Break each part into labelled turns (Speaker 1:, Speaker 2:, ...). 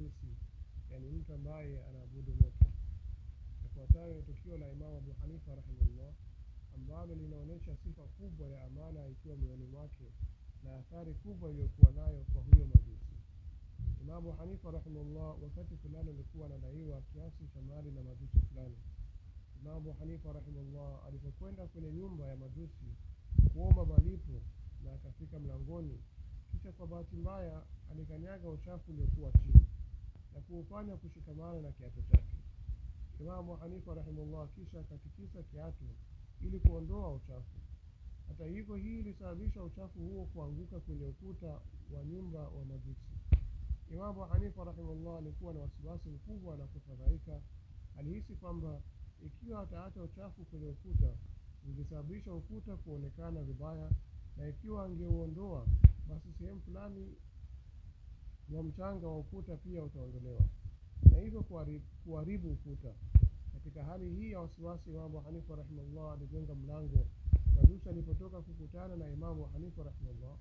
Speaker 1: majusi, yaani mtu ambaye anaabudu moto. Yafuatayo ni tukio la Imamu Abu Hanifa rahimahullah ambalo linaonyesha sifa kubwa ya amana ikiwa moyoni mwake na athari kubwa iliyokuwa nayo kwa huyo majusi. Imamu Hanifa rahimahullah wakati fulani alikuwa anadaiwa kiasi cha mali na majusi fulani. Imamu Hanifa rahimahullah alipokwenda kwenye nyumba ya majusi kuomba malipo na akafika mlangoni, kisha kwa bahati mbaya alikanyaga uchafu uliokuwa chini na kuufanya kushikamana na kiato chake. Imamu Hanifa rahimahullah kisha akatikisa kiato ili kuondoa uchafu. Hata hivyo, hii ilisababisha uchafu huo kuanguka kwenye ukuta wa nyumba wa majisi. Imamu Hanifa rahimahullah alikuwa na wasiwasi mkubwa na kufadhaika. Alihisi kwamba ikiwa ataacha uchafu kwenye ukuta ungesababisha ukuta kuonekana vibaya, na ikiwa angeuondoa basi sehemu fulani na mchanga wa ukuta pia utaondolewa na hivyo kuharibu ukuta. Katika hali hii ya wasiwasi, Imamu Hanifa rahimahullah alijenga mlango. Majusi alipotoka kukutana na Imamu Hanifa rahimahullah,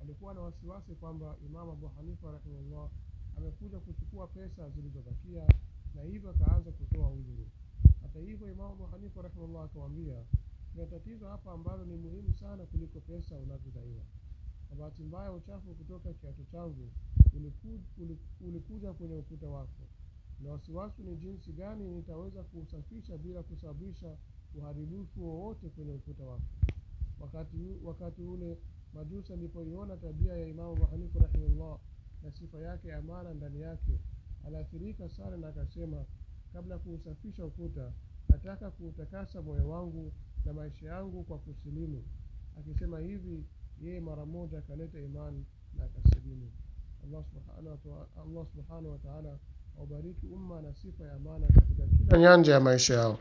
Speaker 1: alikuwa na wasiwasi kwamba Imamu Abu Hanifa rahimahullah amekuja kuchukua pesa zilizobakia, na hivyo akaanza kutoa udhuru. Hata hivyo, Imamu Abu Hanifa rahimahullah akamwambia, kuna tatizo hapa ambalo ni muhimu sana kuliko pesa unavyodaiwa. Kwa bahati mbaya, uchafu kutoka kiatu changu ulikuja kwenye ukuta wako, na wasiwasi ni jinsi gani nitaweza kuusafisha bila kusababisha uharibifu wowote kwenye ukuta wako. Wakati, wakati ule majusi alipoiona tabia ya Imamu Abu Hanifa rahimahullah na sifa yake ya amana ndani yake, aliathirika sana na akasema, kabla ya kuusafisha ukuta, nataka kuutakasa moyo wangu na maisha yangu kwa kusilimu. Akisema hivi, yeye mara moja akaleta imani na akasilimu. Allah subhanahu wa ta'ala wabariki umma na sifa ya amana katika kila nyanja ya maisha yao.